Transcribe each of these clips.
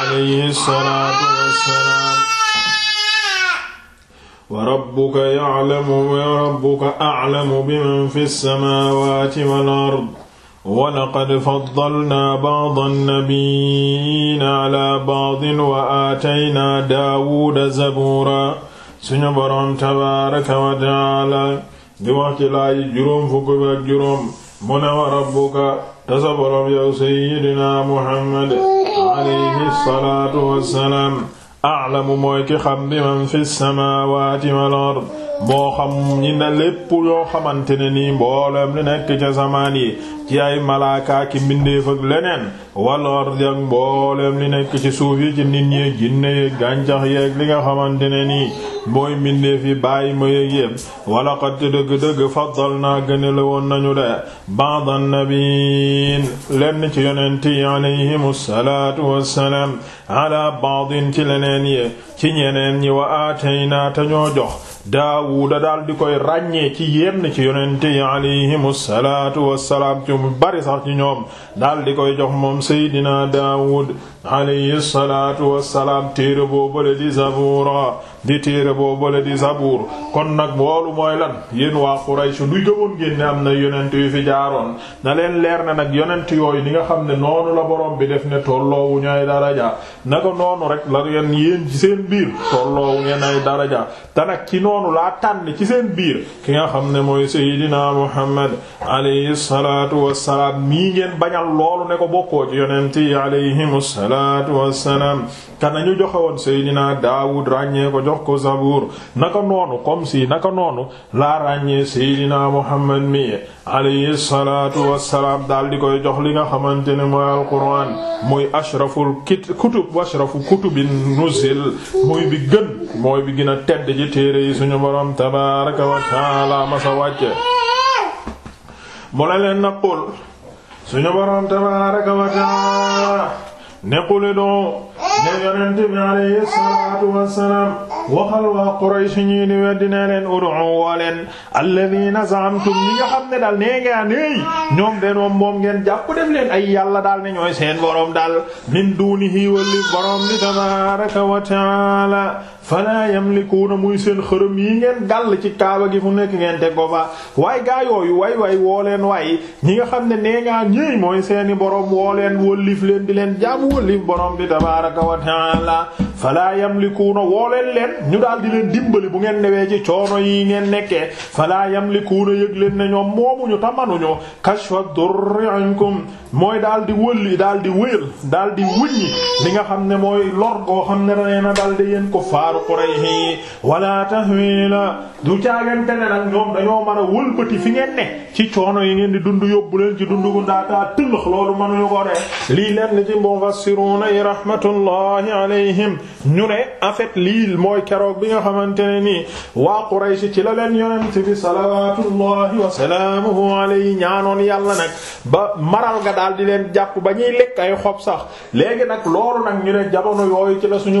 alayhi salaatu wassalaam wa rabbuka ya'lamu wa rabbuka a'lamu biman fi samaawaati wal ard wa laqad faddalnaa ba'da nabiyyiina 'alaa ba'din wa aataynaa daawuuda zabuura suñu boroom tabaaraka wa ta'aala di wax ci laayi juróom fukk ak juróom mu ne wa rabbuka tasa boroom yow sayyidinaa Muhammad alayhi salaatu wassalaam a'lamu mooy ki xam bi man fi samaawaati wal ard boo xam ñi ne lépp yoo xamante ne nii mboolem li nekk ca zamaan yi ci ay malaaka ki leneen wal ardi mboolem li nekk ci suuf yi ci nit ñi jinne yeeg gàncax yeeg li nga xamante ne nii mooy mbindeef yi bàyyi ma yeeg yépp wala qad dëgg-dëgg faddal naa gëne la woon nañu de ba'da nabiin lenn ci yonent yi alayhimu salaatu wassalaam ala ba'din ci leneen yi ci ñeneen ñi wa aataynaa te ñoo jox daawuda daal di koy ràññee ci yenn ci yonente yi alayhimu salaatu wassalaam ci mu bari sax ci ñoom daal di koy jox moom seydina daawud alayhi salaatu wassalaam téere boobale di zabura di téere boobale di Zabuur kon nag loolu mooy lan yéen waa Quraysh du gëmoon ngeen ne am na yonent yu fi jaaroon na leen leer na nag yonent yooyu ni nga xam ne noonu la borom bi def ne tolloowu ñooy daraja naka noonu rek la ngeen yéen ci seen biir tolloowu ngeen ay daraja te nag ci noonu laa tànn ci seen biir ki nga xam ne mooy Seydina Muhammad alayhi salaatu wassalaam mii ngeen bañal loolu ne ko bokkoo ci yonent yi alayhimu salaatu wassalaam te nañu joxe woon Seydina Daawud jox ko Zabuur naka noonu comme si naka noonu laa ràññee Seydina Muhammad mi alayhi salaatu wassalaam daal di koy jox li nga xamante ne mooy alquran muy ashraful kit kutub washrafu kutubin nuzil muy bi gën mooy bi gën a tedd ci téere yi suñu borom tabaaraka wa taala masa wàcce mu la leen na qul suñu borom tabaaraka wa taala ne qul ne yonent bi alayhi salaatu wassalaam waxal waa Quraysh ñii di weddi ne leen ud'u woo leen alladhiina za'amtum ñi nga xam ne daal nee ngaa néey ñoom de moom moom ngeen jàpp def leen ay yàlla daal ne ñooy seen boroom dal min duunihi wali boroom bi tabaaraka wa fala yamlikuuna muy seen xërëm yi ngeen gàll ci kaaba gi fu nekk ngeen teg ko fa waaye gaa yooyu way way woo leen waay ñi nga xam ne nee ngaa ñëy mooy seeni borom woo leen wëllif leen di leen jaam wëllif borom bi tabaaraka wa taala fala yamlikuuna woo leen leen ñu daal leen dimbali bu ngeen newee ci coono yi ngeen nekkee fala yamlikuuna yëg leen ne ñoom moomuñu tamanuñu kashfa durri ankum mooy daal di wëlli daal di wëyal daal di wuññi li nga xam ne mooy lor goo xam al-Qurayshi wala tahwila du caagante ne nag ñoom dañoo mën a wëlbati fi ngeen ne ci coono yi ngeen di dund yóbbu leen ci dund gu ndaataa tëllëx loolu mënuñu ko de lii leen li ci mufassiruna yi rahmatullahi alayhim ñu ne en fait lii mooy keroog bi nga xamante ne nii waa Quraysh ci la leen yonent bi salawatullahi wa salaamuhu alayhi ñaanoon yàlla nag ba maral nga daal di leen jàpp ba ñuy lekk ay xob sax léegi nag loolu nag ñu ne jamono yooyu ci la suñu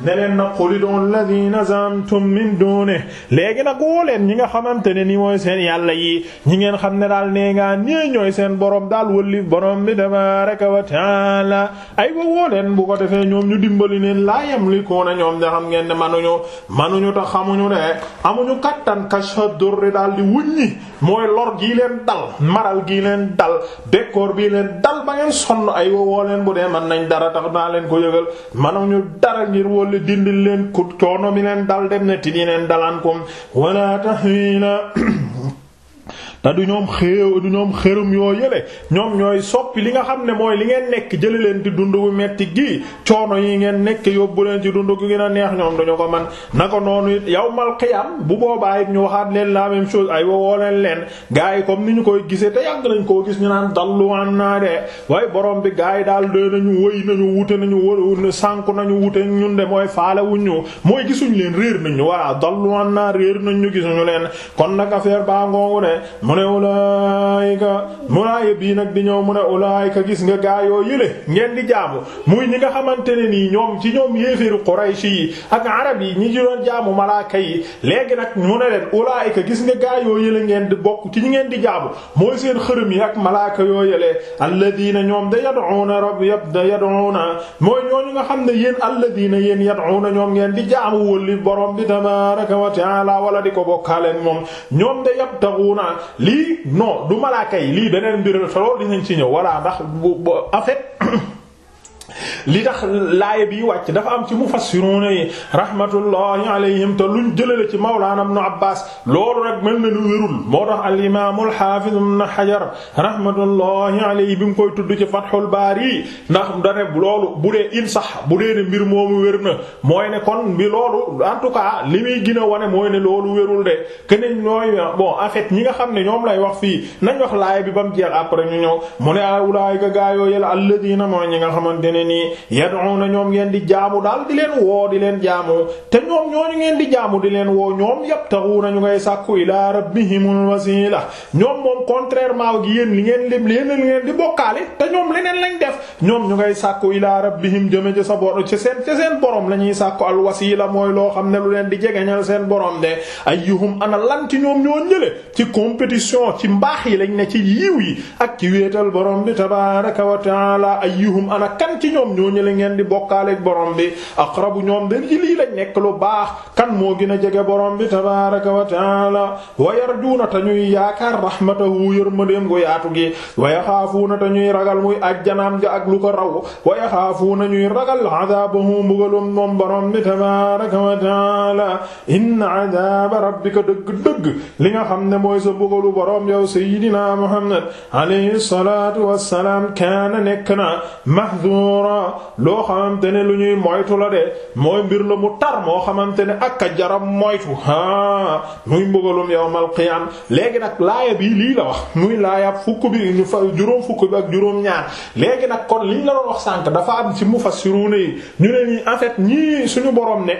ne leen nag xulidoo alladina zamtum min dune léegi nag woo leen ñi nga xamante ne ni mooy seen yàlla yi ñi ngeen xam ne daal nee ngaa nee ñooy seen borom daal wëlli borom bi tabaraka wa taala ay wa woo bu ko defee ñoom ñu dimbali leen laa yamlikuuna ñoom da xam ngeen ne manuñu manuñu tax xamuñu ne amuñu kattan kashfa durri daal di wuññi mooy lor gii leen dal maral gii leen dal bekkoor bii leen dal ba ngeen ay wa woo leen bu dee man nañ dara tax naa leen ko yëgal dolli dindil leen ku coono mi leen dal dem ne ti di leen dalankum wala tahina te du ñoom xéew ñoom yoo yële ñoom ñooy soppi li nga xam ne mooy li ngeen nekk jële leen di dund bu metti gi coono yi ngeen nekk yóbbu leen ci dund gi gën a neex ñoom dañu ko man na ko noonu it yawmal qiyam bu boobaa it ñu waxaat leen la même chose ay woo leen leen gars yi comme ni ñu koy gisee te yàgg nañ koo gis ñu naan dallu an naa de waaye borom bi gars yi daal dee nañu wëy nañu wute nañu wër sànku nañu wute ñun de mooy faale wuñ mooy gisuñ leen réer nañ ñu voilà dallu an naa ñu gisuñu ne ulaayika mu laaye bii nag di ñëw mu ne ulaayika gis nga gaayoo yële ngeen di jaamu muy ñi nga xamante ne nii ñoom ci ñoom yéeféeru Qurayshi yi ak arab yi ñi ci doon jaamu malaaka yi léegi nag mu ne leen ulaayika gis nga gaayoo yële ngeen di bokk ci ñi ngeen di jaamu mooy seen xërëm yi ak malaaka yoo yële alladiina ñoom da yad'uuna rabb yabda yad'uuna mooy ñooñu nga xam ne yéen alladiina yéen yad'uuna ñoom ngeen di jaamu wóli boroom bi tabaaraka wa ta'aala wala di ko bokkaale moom ñoom da yabtaxuuna lii no du malaaka yi lii beneen mbir la te loolu dinañ ci ñëw voilà ndax bu en fait. li tax laaya bi wàcc dafa am ci mufassiruna yi rahmatullahi alayhim lu luñ jëlale ci mawlaana ibn Abbaas loolu rek mel na lu wérul moo tax al imaam al haafiz ibn Hajar rahmatullahi alayhi bi mu koy tudd ci Fathul Baari ndax da ne loolu bu dee in sax bu dee ne mbir moomu wér na mooy ne kon bi loolu en tout cas li muy gën a wane mooy ne loolu wérul de keneen ñooy bon en fait ñi nga xam ne ñoom lay wax fii nañ wax laaya bi ba mu jeex après ñu ñëw mu ne ulaa'ika gaa y alladhiina mooy ñi nga xamante ne nii yad'una ñoom ngeen di jaamu daal di leen woo di leen jaamu te ñoom ñooñu ngeen di jaamu di leen woo ñoom yabtaghuna ñu ngay sàkku ila rabbihimul wasila ñoom moom contrairement ak yéen li ngeen lim yéen li ngeen di bokkaale te ñoom ñu ngay sàkku ila seen borom la ñuy sàkku al mooy loo xam ne lu leen di jegeñal seen borom de ayyuhum ana lan ci ñoom ñoo ñële ci compétition ci mbaax yi lañ ne ci yiw yi ak borom bi tabaaraka wa ta'ala ayyuhum ana kan ci ñoom ñoo ñële ngeen di bokkaaleeg borom bi aqrabu ñoom de ci lii lañ nekk lu baax kan moo gën a jege borom bi tabaaraka wa taala wa yarjuuna te ñuy yaakaar rahmatahu yërmandeem gu yaatu gi wa yaxaafuuna te ñuy ragal muy ajjanaam ga ak lu ko raw wa yaxaafuuna ñuy ragal adaabahu mbugalum moom borom bi tabaaraka wa taala inna adaaba rabbika dëgg-dëgg li nga xam ne mooy sa mbugalu borom yow sayyidina Muhammad alayhi salaatu wassalaam kaana nekk na mahduura furqan loo xamante ne lu ñuy moytu la de mooy mbir la mu tar moo xamante ne ak ak jaram moytu ah muy mbugalum yawmal qiyaam léegi nag laaya bi lii la wax muy laaya fukk bi ñu fa juróom fukk bi ak juróom ñaar léegi nag kon liñ la doon wax sànk dafa am ci mufassiruna yi ñu ne nii en fait ñii suñu borom ne.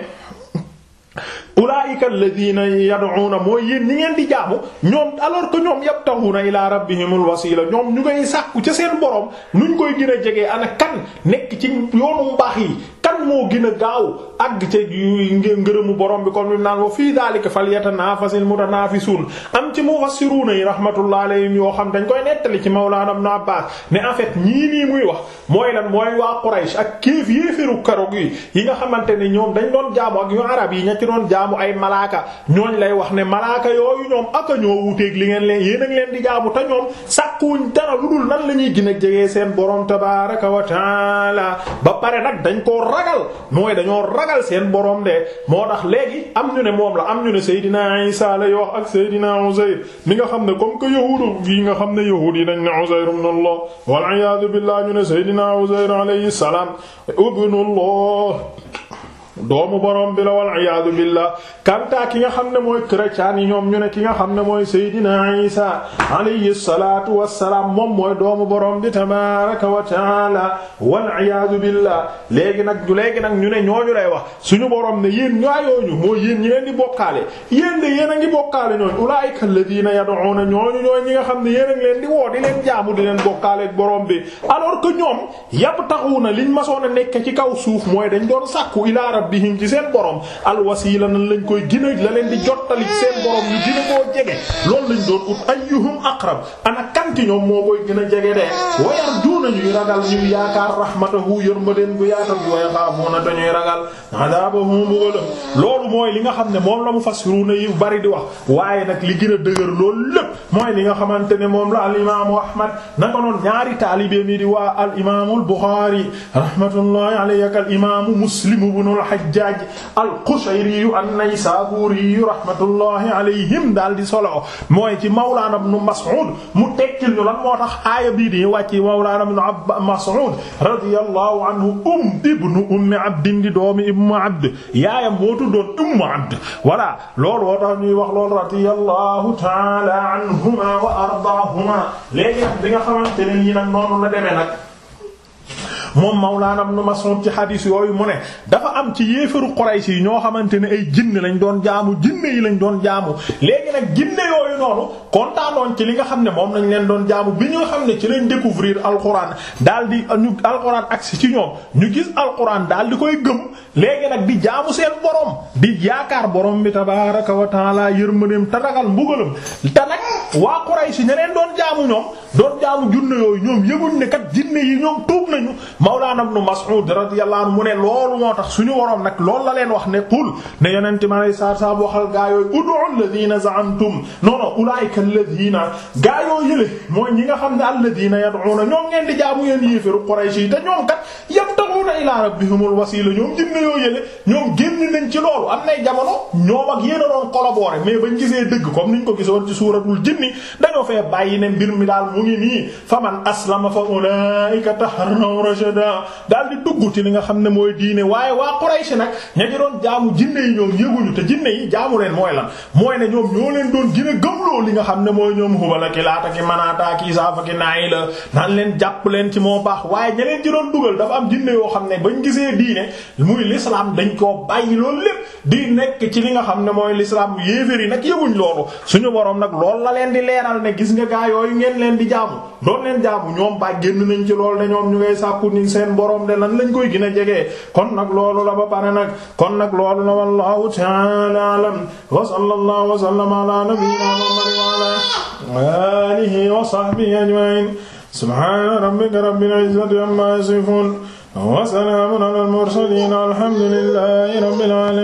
ulaa'ika alladhiina yad'uuna mooy yéen ñi ngeen di jaamu ñoom alors que ñoom yabtaxuuna ilaa rabbihimul wasiila ñoom ñu ngay sàkku ca seen borom nuñ koy gën a jege ana kan nekk ci yoonu mbaax yi moo gën a gaaw àgg ca ngërëmu borom bi comme li mu naan wa fii daalika falyatanafasil mutanafisuun am ci mufassiruuna yi rahmatullah alayhim yoo xam dañ koy nettali ci Mawlana Ibn Abbas ne en fait ñii nii muy wax mooy lan mooy waa Quraysh ak kéef yéeferu karog yi yi nga xamante ne ñoom dañ doon jaamu ak ñu arab yi ña ci jaamu ay malaaka ñooñ lay wax ne malaaka yooyu ñoom ak a ñoo wuteeg li ngeen leen yéen a ngi leen di jaamu te ñoom sàkkuwuñ dara lu dul nan la ñuy gën a jege seen borom tabaaraka wa taala ba pare nag mooy dañoo ragal seen borom de moo tax léegi am ñu ne moom la am ñu ne Seydina Isa la yoo ak Seydina Uzayr mi nga xam ne comme que yahuud yi nga xam ne yahuud yi dañ ne Uzayr ibn Allah wal iyaadu billah ñu ne Seydina Uzayr alayhi salaam ibnullah doomu borom bi la wal iyaadu billah kantaa ki nga xam ne mooy chrétien yi ñoom ñu ne ki nga xam ne mooy Seydina Isa alayhi salaatu wassalaam moom mooy doomu borom bi tabaaraka wa taala wal iyaadu billah léegi nag ju léegi nag ñu ne ñooñu lay wax suñu borom ne yéen ñaayooñu mooy yéen ñi leen di bokkaale yéen de yéen a ngi bokkaale ñooñu ulaa'ika alladhiina yad'uuna ñooñu ñooy ñi nga xam ne yéen a ngi leen di woo di leen jaamu di leen bokkaale borom bi alors que ñoom yabtaxuuna liñ masoon a nekk ci kaw suuf mooy dañ doon sàkku ila rabbihim ci seen borom alwasila nan lañ koy gën a la leen di jottali ci seen borom ñu gën a koo jege loolu lañ doon ut ayyuhum aqrab ana kanti ñoom moo a jege de wayar duuna ñuy ragal ñuy yaakaar rahmatahu yërmadeen bu yaatal bi mooy li nga xam ne moom la mu fassiruna yi bari di wax waaye nag li gën a dëgër loolu lépp mooy li nga xamante ne moom la al imaamu ahmad naka noon ñaari taalibe mi di waa al imaamul buxaari rahmatullahi alayhi ak al imaamu muslim ibn al Hajjaaj al-Qushayri an-Naysaburi rahmatullahi alayhim daal di solo mooy ci Mawlaana ibn Mas'ud mu tekkil ñu lan moo tax aaya bii di wàcc Mawlaana ibn Mas'ud radiyallahu anhu um ibnu ummi abdin di doomi ibnu abd yaayam moo tuddoon ummu abd voilà loolu woo tax ñuy wax loolu radiyallahu ta'ala anhuma wa ardaahuma léegi nag bi nga xamante ne nii nag noonu la demee nag moom Mawlaana Ibn Mas'ud ci xadiis yooyu mu ne dafa am ci yéefaru Quraysh yi ñoo xamante ne ay jinne lañ doon jaamu jinne yi lañ doon jaamu léegi nag jinne yooyu noonu kontaanoon ci li nga xam ne moom lañ leen doon jaamu bi ñu xam ne ci lañ découvrir alquran daal di ñu alquran agsi ci ñoom ñu gis alquran daal di koy gëm léegi nag bi jaamu seen borom bi yaakaar borom bi tabaaraka wa taala yërmandeem te ragal mbugalam te nag waa Quraysh ñeneen doon jaamu ñoom doon jaamu junne yooyu ñoom yëguñ ne kat jinne yi ñoom tuub nañu Mawlana Ibn Mas'ud radiyallahu anhu mu ne loolu moo tax suñu waroon nag loolu la leen wax ne qul ne yonente mi alei saatu salaam waxal gaa yooyu ud'u alladhina za'amtum non non ulaa'ika alladhina gaa yoo yële mooy ñi nga xam ne alladhina yad'una ñoom ngeen di jaamu yeen yéeféru Quraysh yi te ñoom kat na ilaa rabbihimul wasiila ñoom jinne yoo yële ñoom génn nañ ci loolu am nay jamono ñoom ak yéen a doon collaborer mais bañ gisee dëgg comme niñ ko gisoon ci suuratul jinni dañoo fee bàyyi ne mbir mi daal mu ngi nii faman di dugg ci li nga xam ne mooy diine waaye waa Quraysh nag ña ci doon jaamu jinne yi ñoom yëguñu te jinne yi jaamu leen mooy lan mooy ne ñoom ñoo leen doon gën a gëmloo li nga xam ne mooy ñoom Hubala ki Laata ki Manaata ki Isaafa ki Naayila naan leen jàpp leen ci moo baax waaye ña leen ci doon dugal dafa am jinne yoo xam xam ne bañ gisee diine muy l'islam dañ koo bàyyi loolu lépp di nekk ci li nga xam ne mooy l'islam yéefér yi nag yëguñ loolu suñu borom nag lool la leen di leeral ne gis nga gaa yooyu ngeen leen di jaamu doon leen jaamu ñoom ba génn nañ ci loolu ne ñoom ñu ngay sàkku ni seen borom de lan lañ koy gën a jege kon nag loolu la ba pare nag kon nag loolu la wallahu ta'ala alam wa sallallahu wa sallama ala nabiyyina muhammadin wa ala alihi wa sahbihi ajma'in subhana rabbika rabbil izzati amma wa salaamun alal mursaliin alhamdulillaahi rabbil aalamiin